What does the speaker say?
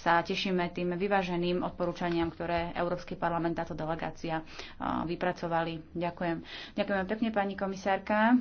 sa tešíme tým vyváženým odporúčaniam, ktoré Európsky parlament táto delegácia vypracovali. Ďakujem. Ďakujem pekne, pani komisárka.